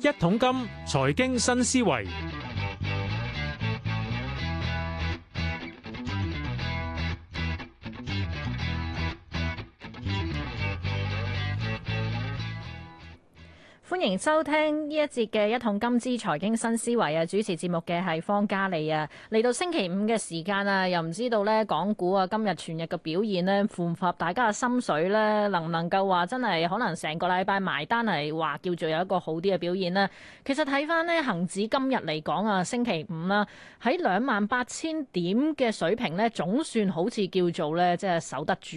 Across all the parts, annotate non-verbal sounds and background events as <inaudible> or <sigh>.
一桶金，財經新思維。歡迎收聽呢一節嘅一桶金之財經新思維啊！主持節目嘅係方嘉莉啊！嚟到星期五嘅時間啊，又唔知道呢港股啊今日全日嘅表現呢，符唔符合大家嘅心水呢，能唔能夠話真係可能成個禮拜埋單嚟話叫做有一個好啲嘅表現呢？其實睇翻呢恒指今日嚟講啊，星期五啦，啊，喺兩萬八千點嘅水平呢，總算好似叫做呢，即、就、係、是、守得住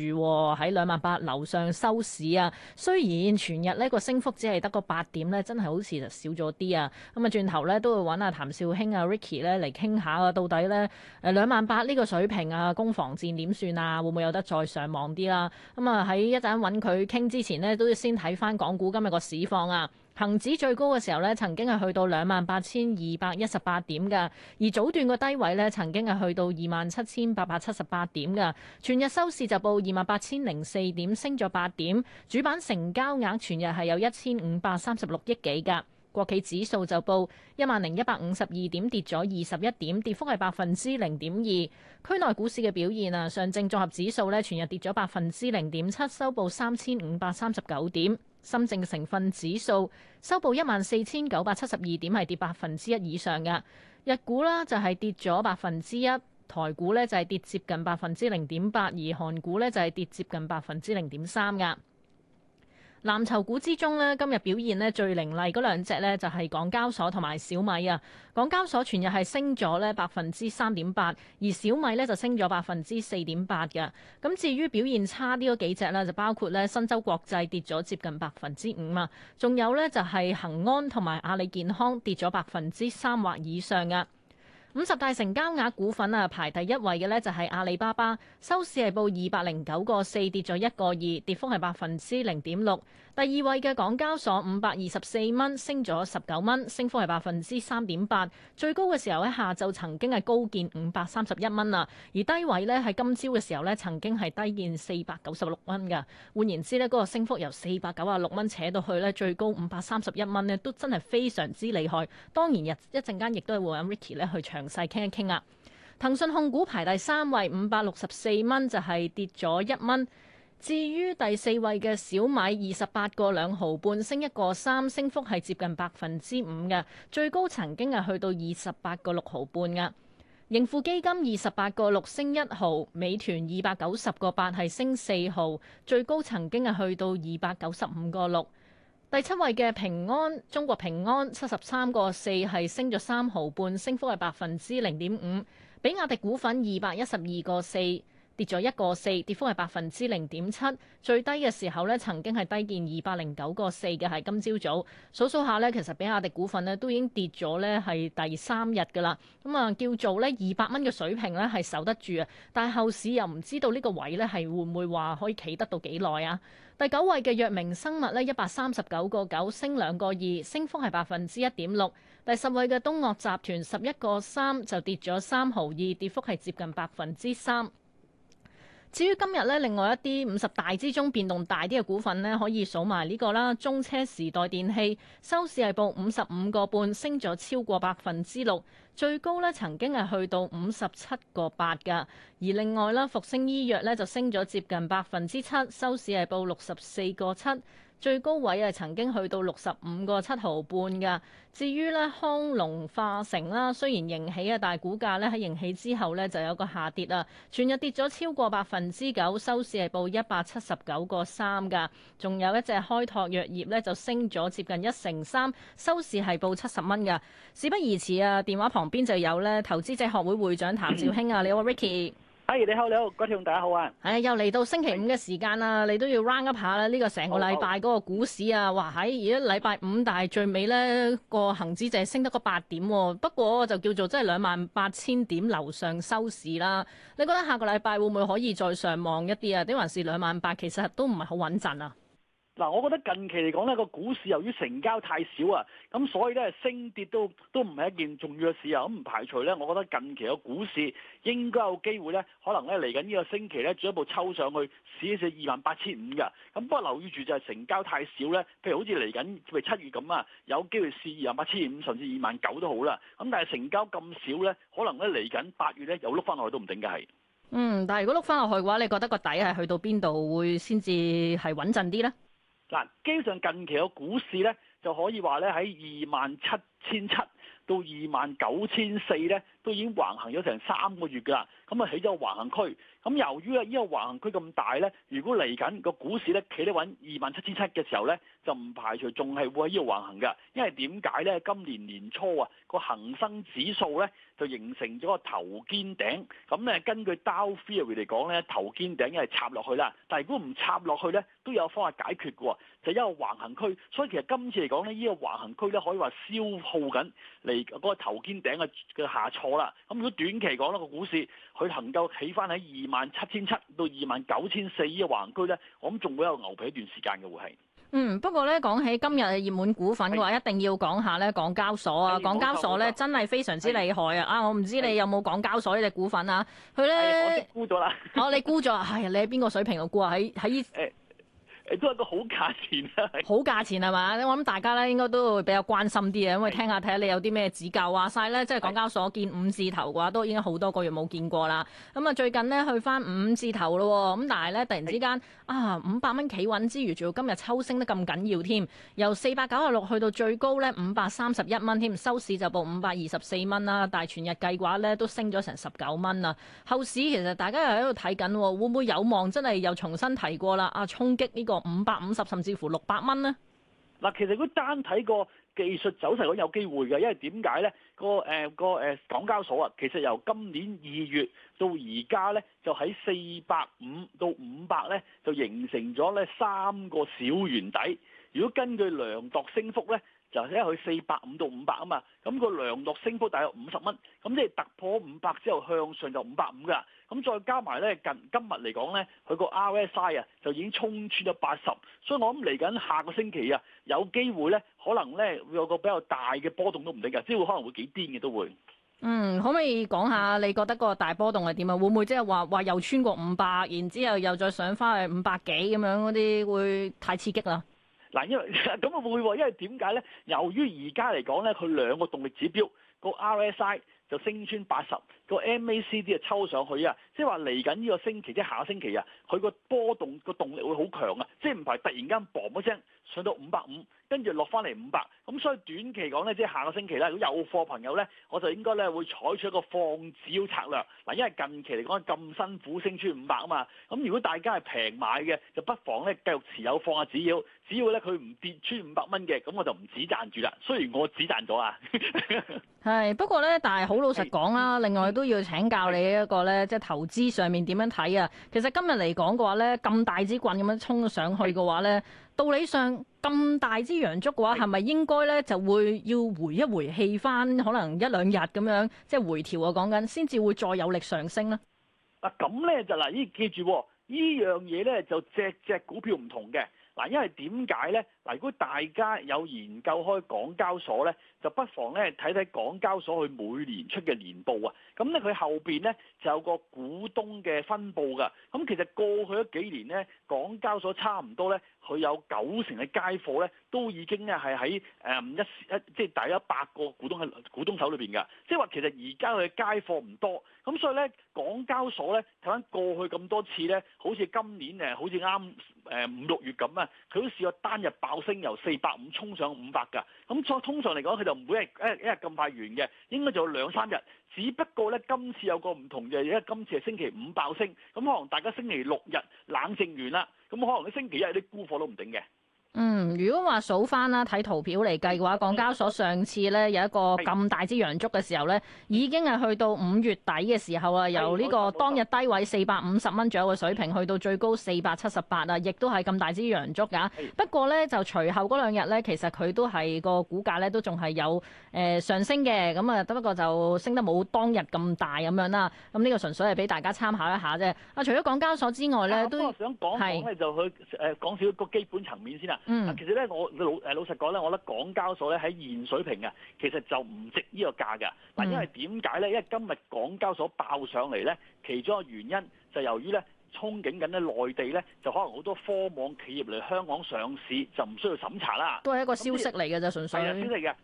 喺兩萬八樓上收市啊！雖然全日呢，這個升幅只係得個八。點咧真係好似就少咗啲啊！咁啊轉頭咧都會揾阿譚紹興啊 Ricky 咧嚟傾下，啊。 <music> 到底咧兩萬八呢個水平啊攻防戰點算啊？會唔會有得再上望啲啦？咁啊喺一陣揾佢傾之前咧，都要先睇翻港股今日個市況啊！ <music> 恆指最高嘅時候咧，曾經係去到兩萬八千二百一十八點㗎；而早段嘅低位咧，曾經係去到二萬七千八百七十八點㗎。全日收市就報二萬八千零四點，升咗八點。主板成交額全日係有一千五百三十六億幾㗎。國企指數就報一萬零一百五十二點，跌咗二十一點，跌幅係百分之零點二。區內股市嘅表現啊，上證綜合指數咧，全日跌咗百分之零點七，收報三千五百三十九點。深證成分指數收報一萬四千九百七十二點，係跌百分之一以上嘅。日股啦就係跌咗百分之一，台股呢就係跌接近百分之零點八，而韓股呢就係跌接近百分之零點三㗎。藍籌股之中咧，今日表現咧最凌厲嗰兩隻咧，就係港交所同埋小米啊。港交所全日係升咗呢百分之三點八，而小米呢，就升咗百分之四點八嘅。咁至於表現差啲嗰幾隻咧，就包括呢新洲國際跌咗接近百分之五啊，仲有呢，就係恒安同埋阿里健康跌咗百分之三或以上嘅。五十大成交額股份啊，排第一位嘅呢，就係、是、阿里巴巴，收市係報二百零九個四，跌咗一個二，跌幅係百分之零點六。第二位嘅港交所五百二十四蚊，升咗十九蚊，升幅係百分之三點八。最高嘅時候喺下晝曾經係高見五百三十一蚊啊，而低位呢，喺今朝嘅時候呢曾經係低見四百九十六蚊嘅。換言之呢，嗰、那個升幅由四百九啊六蚊扯到去呢，最高五百三十一蚊呢，都真係非常之厲害。當然日一陣間亦都係會揾 Ricky 呢去搶細傾一傾啊！騰訊控股排第三位，五百六十四蚊，就係跌咗一蚊。至於第四位嘅小米，二十八個兩毫半，升一個三，升幅係接近百分之五嘅，最高曾經係去到二十八個六毫半㗎。盈富基金二十八個六升一毫，美團二百九十個八係升四毫，最高曾經係去到二百九十五個六。第七位嘅平安，中國平安七十三個四係升咗三毫半，升幅係百分之零點五。比亞迪股份二百一十二個四，跌咗一個四，跌幅係百分之零點七。最低嘅時候咧，曾經係低見二百零九個四嘅，係今朝早數數下呢，其實比亞迪股份呢都已經跌咗呢係第三日噶啦。咁啊，叫做呢二百蚊嘅水平呢係守得住啊，但係後市又唔知道呢個位呢係會唔會話可以企得到幾耐啊？第九位嘅藥明生物呢，一百三十九個九升兩個二，升幅係百分之一點六。第十位嘅東岳集團十一個三就跌咗三毫二，跌幅係接近百分之三。至於今日呢，另外一啲五十大之中變動大啲嘅股份呢，可以數埋呢個啦。中車時代電器收市係報五十五個半，升咗超過百分之六，最高呢曾經係去到五十七個八㗎。而另外啦，復星醫藥呢就升咗接近百分之七，收市係報六十四個七。最高位啊，曾經去到六十五個七毫半噶。至於咧，康龍化成啦，雖然盈喜啊，但係股價咧喺盈喜之後呢，就有個下跌啦。全日跌咗超過百分之九，收市係報一百七十九個三噶。仲有一隻開拓藥業呢，就升咗接近一成三，收市係報七十蚊噶。事不宜遲啊，電話旁邊就有呢，投資者學會會長譚紹興啊，你好，Ricky。哎，Hi, 你好，你好，貴少，大家好啊！哎，又嚟到星期五嘅時間啦，Hey. 你都要 run 一下啦。呢個成個禮拜嗰個股市啊，好好哇，喺而家禮拜五，但係最尾咧個恒指淨係升得個八點、哦，不過就叫做即係兩萬八千點樓上收市啦。你覺得下個禮拜會唔會可以再上望一啲啊？定還是兩萬八？其實都唔係好穩陣啊。嗱，我覺得近期嚟講呢個股市由於成交太少啊，咁所以咧升跌都都唔係一件重要嘅事啊。咁唔排除咧，我覺得近期個股市應該有機會咧，可能咧嚟緊呢個星期咧進一步抽上去試一試二萬八千五嘅。咁不過留意住就係成交太少咧，譬如好似嚟緊譬如七月咁啊，有機會試二萬八千五甚至二萬九都好啦。咁但係成交咁少咧，可能咧嚟緊八月咧又碌翻落去都唔定嘅係。嗯，但係如果碌翻落去嘅話，你覺得個底係去到邊度會先至係穩陣啲咧？嗱，基本上近期嘅股市咧就可以話咧喺二萬七千七到二萬九千四咧。都已經橫行咗成三個月㗎，咁啊起咗個橫行區。咁由於啊呢個橫行區咁大咧，如果嚟緊個股市咧企得穩二萬七千七嘅時候咧，就唔排除仲係會喺呢個橫行嘅。因為點解咧？今年年初啊、個恒生指數咧就形成咗個頭肩頂。咁咧根據 Dow Theory 嚟講咧，頭肩頂係插落去啦。但係如果唔插落去咧，都有個方法解決嘅喎，就因個橫行區。所以其實今次嚟講咧，呢、呢個橫行區咧可以話消耗緊嚟嗰個頭肩頂嘅嘅下挫。好啦，咁如果短期講呢個股市佢能夠起翻喺二萬七千七到二萬九千四呢個橫區咧，我諗仲會有牛皮一段時間嘅會係。嗯，不過咧講起今日熱門股份嘅話，是一定要講下咧港交所啊，是港交所咧錯真係非常之厲害啊！啊是，我唔知你有冇港交所呢隻股份啊？佢咧，我沽咗啦。 <laughs> 哦、哎，你沽咗啊？係啊，你喺邊個水平度沽啊？喺喺依。都係個好價錢好價錢係嘛？我諗大家咧應該都會比較關心啲嘅，因為聽下睇下你有啲咩指教。話晒呢，即係港交所見五字頭嘅話，都已經好多個月冇見過啦。咁啊，最近呢，去翻五字頭咯，咁但係呢，突然之間啊，五百蚊企穩之餘，仲要今日抽升得咁緊要添，由四百九十六去到最高呢，五百三十一蚊添，收市就報五百二十四蚊啦。但係全日計嘅話呢，都升咗成十九蚊啦。後市其實大家又喺度睇緊，會唔會有望真係又重新提過啦？啊，衝擊呢個。五百五十甚至乎六百蚊呢？嗱，其實如果單睇個技術走勢，咁有機會嘅，因為點解呢？個誒、呃個誒港交所啊，其實由今年二月到而家呢，就喺四百五到五百呢，就形成咗呢三個小圓底。如果根據量度升幅呢。就睇佢四百五到五百啊嘛，咁個量度升幅大約五十蚊，咁即係突破五百之後向上就五百五噶，咁再加埋咧近今日嚟講咧，佢個 RSI 啊就已經衝穿咗八十，所以我諗嚟緊下個星期啊，有機會咧可能咧會有個比較大嘅波動都唔定噶，即係會可能會幾癲嘅都會。嗯，可唔可以講下你覺得個大波動係點啊？會唔會即係話話又穿過五百，然之後又再上翻去五百幾咁樣嗰啲會太刺激啦？嗱、啊，因為咁啊會，因為點解咧？由於而家嚟講咧，佢兩個動力指標個 RSI 就升穿八十。個 MACD 啊抽上去啊，即係話嚟緊呢個星期即係下、啊啊、下、下個星期啊，佢個波動個動力會好強啊，即係唔係突然間嘣一聲上到五百五，跟住落翻嚟五百，咁所以短期講咧，即係下個星期咧，如果有貨朋友咧，我就應該咧會採取一個放止腰策略，嗱，因為近期嚟講咁辛苦升穿五百啊嘛，咁如果大家係平買嘅，就不妨咧繼續持有放下止腰，只要咧佢唔跌穿五百蚊嘅，咁我就唔止賺住啦。雖然我只賺咗啊 <laughs> ，係不過咧，但係好老實講啦，另外。都要請教你一個咧，的即係投資上面點樣睇啊？其實今日嚟講嘅話咧，咁大支棍咁樣衝上去嘅話咧，的道理上咁大支陽燭嘅話，係咪的應該咧就會要回一回氣翻，可能一兩日咁樣即係回調啊？講緊先至會再有力上升咧。嗱、啊，咁咧就嗱，依記住依、啊、樣嘢咧，就隻隻股票唔同嘅。嗱，因為點解咧？嗱，如果大家有研究開港交所咧，就不妨咧睇睇港交所佢每年出嘅年報啊。咁、嗯、咧，佢後邊咧就有個股東嘅分布噶。咁、嗯、其實過去咗幾年咧，港交所差唔多咧。佢有九成嘅街貨咧，都已經咧係喺誒一一即係、就是、大約一百個股東喺股東手裏邊㗎。即係話其實而家佢嘅街貨唔多，咁所以咧港交所咧睇翻過去咁多次咧，好似今年誒好似啱誒五六月咁啊，佢都試過單日爆升由四百五衝上五百㗎。咁再通常嚟講，佢就唔會係一日一日咁快完嘅，應該就有兩三日。只不過咧，今次有個唔同嘅係，因為今次係星期五爆升，咁、嗯、可能大家星期六日冷靜完啦，咁、嗯、可能喺星期一啲沽貨都唔定嘅。嗯，如果話數翻啦，睇圖表嚟計嘅話，港交所上次呢有一個咁大支陽燭嘅時候呢，已經係去到五月底嘅時候啊，由呢個當日低位四百五十蚊左右嘅水平，去到最高四百七十八啊，亦都係咁大支陽燭噶。不過呢，就隨後嗰兩日呢，其實佢都係個股價呢，都仲係有誒上升嘅，咁啊，不過就升得冇當日咁大咁樣啦。咁呢個純粹係俾大家參考一下啫。啊，除咗港交所之外呢，啊、都係，啊、想講講是就去誒、啊、講少個基本層面先啦。嗯，其實咧，我老誒老實講咧，我覺得港交所咧喺現水平嘅，其實就唔值呢個價㗎。嗱，因為點解咧？因為今日港交所爆上嚟咧，其中一個原因就由於咧憧憬緊咧內地咧，就可能好多科網企業嚟香港上市就唔需要審查啦。都係一個消息嚟嘅就純粹係，消息嚟嘅。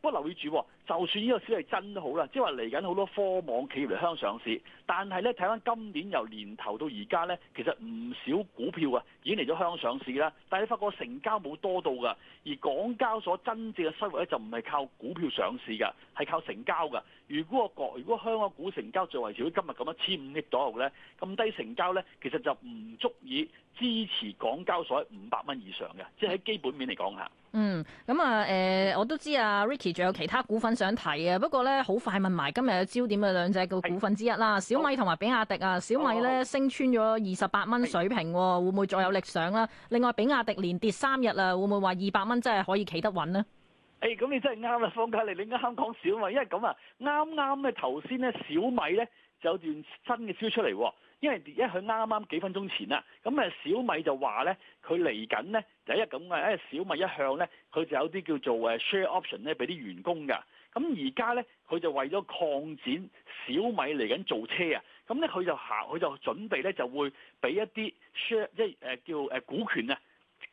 不留意住，就算呢個消息真都好啦，即係話嚟緊好多科網企業嚟香港上市，但係呢，睇返今年由年頭到而家呢，其實唔少股票啊已經嚟咗香港上市啦，但係你發覺成交冇多到㗎，而港交所真正嘅收入呢，就唔係靠股票上市㗎，係靠成交㗎。如果個國如果香港股成交最為少，今日咁樣千五億左右呢，咁低成交呢，其實就唔足以支持港交所喺五百蚊以上嘅，即係喺基本面嚟講下。嗯，咁、嗯、啊，誒、嗯嗯，我都知啊，Ricky 仲有其他股份想提啊，不過咧好快問埋今日嘅焦點嘅兩隻嘅股份之一啦，小米同埋比亞迪啊，小米咧升穿咗二十八蚊水平，會唔會再有力上啦？另外，比亞迪連跌三日啦，會唔會話二百蚊真係可以企得穩呢？誒、欸，咁你真係啱啦，方家你你啱啱講小米，因為咁啊，啱啱咧頭先咧小米咧。就有段新嘅消息出嚟，因為而家佢啱啱幾分鐘前啊，咁啊小米就話咧，佢嚟緊咧第一日咁嘅，因為小米一向咧，佢就有啲叫做誒 share option 咧，俾啲員工噶。咁而家咧，佢就為咗擴展小米嚟緊做車啊，咁咧佢就行，佢就準備咧就會俾一啲 share 即係誒叫誒股權啊，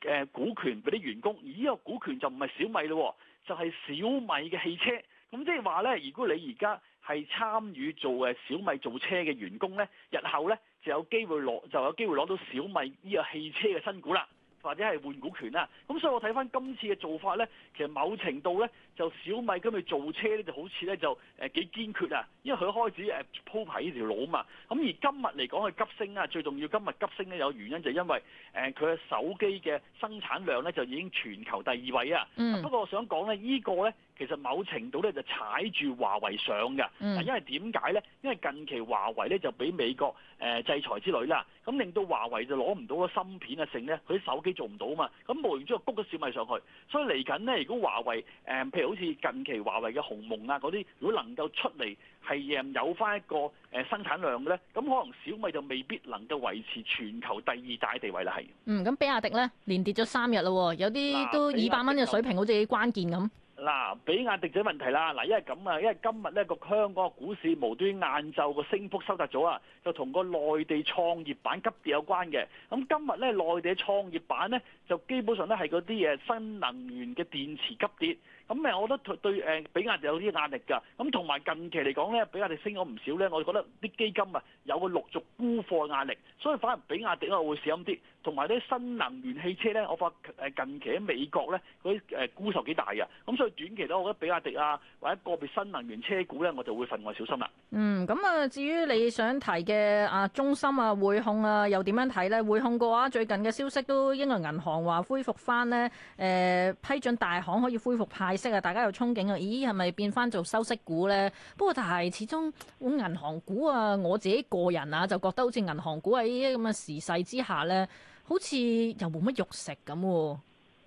誒股權俾啲員工，而呢個股權就唔係小米咯，就係小米嘅汽車。咁即係話咧，如果你而家係參與做誒小米造車嘅員工咧，日後咧就有機會攞就有機會攞到小米呢個汽車嘅新股啦，或者係換股權啦。咁所以我睇返今次嘅做法咧，其實某程度咧就小米今日造車咧就好似咧就誒幾堅決啊，因為佢開始誒鋪排呢條路啊嘛。咁而今日嚟講，佢急升啊，最重要今日急升咧有原因就係因為誒佢嘅手機嘅生產量咧就已經全球第二位啊。嗯、不過我想講咧，呢個咧。其實某程度咧就踩住華為上嘅，啊，因為點解咧？因為近期華為咧就俾美國誒、呃、制裁之類啦，咁令到華為就攞唔到個芯片啊，成咧佢啲手機做唔到啊嘛。咁冇完之後，谷咗小米上去，所以嚟緊咧，如果華為誒，譬、呃、如好似近期華為嘅鴻蒙啊嗰啲，如果能夠出嚟係誒有翻一個誒生產量嘅咧，咁可能小米就未必能夠維持全球第二大地位啦。係嗯，咁比亞迪咧連跌咗三日咯，有啲都二百蚊嘅水平，好似關鍵咁。嗱，比亞迪就問題啦。嗱，因為咁啊，因為今日呢個香港股市無端晏晝個升幅收窄咗啊，就同個內地創業板急跌有關嘅。咁今日呢內地創業板呢，就基本上呢係嗰啲嘢新能源嘅電池急跌。咁誒，我覺得對誒比亞迪有啲壓力㗎。咁同埋近期嚟講咧，比亞迪升咗唔少咧，我覺得啲基金啊有個陸續沽貨壓力，所以反而比亞迪啊可能會小心啲。同埋啲新能源汽車咧，我發誒近期喺美國咧嗰啲誒沽售幾大㗎，咁所以短期咧，我覺得比亞迪啊或者個別新能源車股咧，我就會分外小心啦。嗯，咁啊，至於你想提嘅啊，中芯啊、匯控啊，又點樣睇咧？匯控嘅話，最近嘅消息都英國銀行話恢復翻呢，誒、呃、批准大行可以恢復派息啊！大家又憧憬啊！咦，係咪變翻做收息股咧？不過但係始終，咁銀行股啊，我自己個人啊，就覺得好似銀行股喺呢啲咁嘅時勢之下咧，好似又冇乜肉食咁，哦。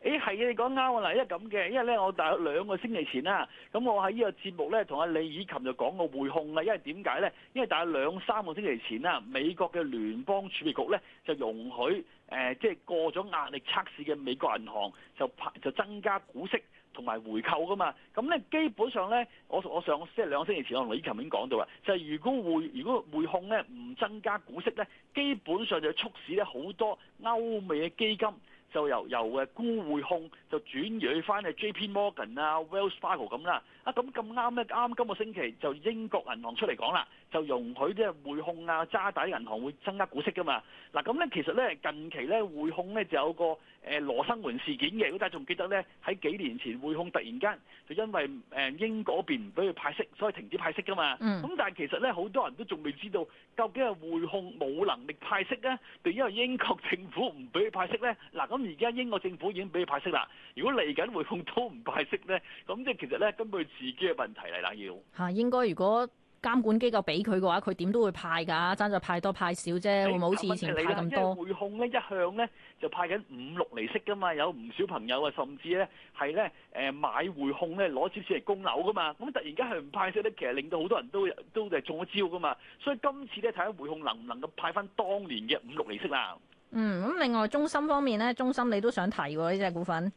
誒、哎，係啊，你講啱啊！嗱，因為咁嘅，因為咧，我大約兩個星期前啦，咁我喺呢個節目咧，同阿李以琴就講過匯控啊。因為點解咧？因為大約兩三個星期前啦，美國嘅聯邦儲備局咧就容許。誒、呃，即係過咗壓力測試嘅美國銀行就排就增加股息同埋回購噶嘛，咁、嗯、咧基本上咧，我我上即係兩個星期前我同李琴已經講到嘅，就係、是、如果匯如果匯控咧唔增加股息咧，基本上就促使咧好多歐美嘅基金就由由誒沽匯控就轉移去翻去 J P Morgan 啊、Wells Fargo 咁啦，啊咁咁啱咧啱今個星期就英國銀行出嚟講啦。就容許即係匯控啊、渣打銀行會增加股息噶嘛。嗱，咁咧，其實咧，近期咧，匯控咧就有個誒羅生門事件嘅，嗰位仲記得咧，喺幾年前匯控突然間就因為誒英國嗰邊唔俾佢派息，所以停止派息噶嘛。咁、嗯、但係其實咧，好多人都仲未知道究竟係匯控冇能力派息咧，定因為英國政府唔俾佢派息咧？嗱，咁而家英國政府已經俾佢派息啦。如果嚟緊匯控都唔派息咧，咁即係其實咧根據自己嘅問題嚟啦要嚇應該如果。監管機構俾佢嘅話，佢點都會派噶，爭在派多派少啫，會唔會好似以前派咁多？即係匯控咧，一向咧就派緊五六厘息噶嘛，有唔少朋友啊，甚至咧係咧誒買匯控咧攞少少嚟供樓噶嘛，咁突然間係唔派息咧，其實令到好多人都都係中咗招噶嘛，所以今次咧睇下匯控能唔能夠派翻當年嘅五六厘息啦。嗯，咁另外中心方面咧，中心你都想提喎呢隻股份？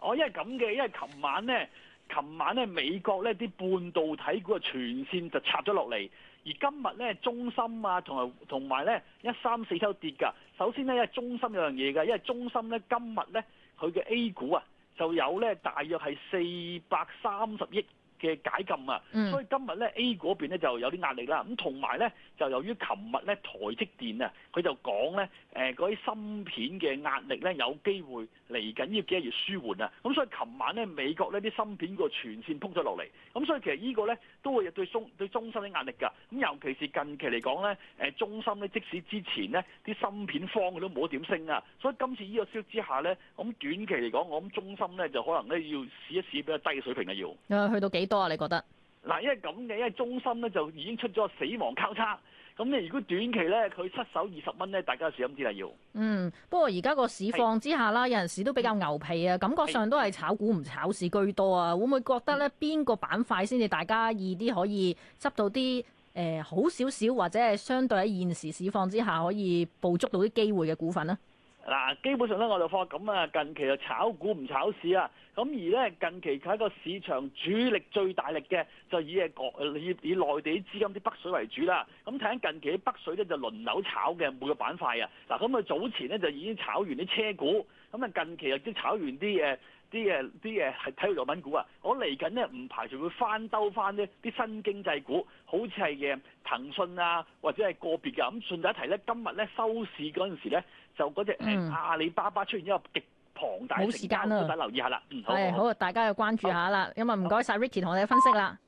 哦、啊，因為咁嘅，因為琴晚咧。琴晚咧，美國咧啲半導體股啊，全線就插咗落嚟。而今日咧，中芯啊，同埋同埋咧，一三四七都跌㗎。首先咧，因為中芯有樣嘢㗎，因為中芯咧，今日咧，佢嘅 A 股啊，就有咧大約係四百三十億嘅解禁啊，所以今日咧 A 股嗰邊咧就有啲壓力啦。咁同埋咧就由於琴日咧台積電啊，佢就講咧誒嗰啲芯片嘅壓力咧有機會嚟緊呢幾月舒緩啊。咁所以琴晚咧美國呢啲芯片個全線撲咗落嚟，咁所以其實呢個咧都會對中對中芯嘅壓力㗎。咁尤其是近期嚟講咧誒中芯咧，即使之前咧啲芯片方佢都冇點升啊，所以今次呢個消息之下咧，咁短期嚟講我諗中芯咧就可能咧要試一試比較低嘅水平啊。要。去到幾？多啊！你覺得嗱，因為咁嘅，因為中心咧就已經出咗死亡交叉，咁你如果短期咧，佢失守二十蚊咧，大家小心啲啦。要嗯，不過而家個市況之下啦，是有陣時都比較牛皮啊，感覺上都係炒股唔炒市居多啊。會唔會覺得咧，邊個板塊先至大家易啲可以執到啲誒、呃、好少少或者係相對喺現時市況之下可以捕捉到啲機會嘅股份呢？嗱，基本上咧我就放咁啊，近期就炒股唔炒市啊，咁而咧近期佢喺個市場主力最大力嘅就以誒國業以內地啲資金啲北水為主啦，咁睇緊近期啲北水咧就輪流炒嘅每個板塊啊，嗱，咁佢早前咧就已經炒完啲車股，咁啊近期又即係炒完啲誒。啲嘅啲嘅係體育用品股啊，我嚟緊咧唔排除會翻兜翻咧啲新經濟股，好似係嘅騰訊啊，或者係個別嘅咁。順帶一提咧，今日咧收市嗰陣時咧，就嗰隻阿里巴巴出現一個極龐大成交，大家留意下啦。嗯，好，好啊，大家又關注下啦。咁啊好，唔該晒 Ricky 同我哋分析啦。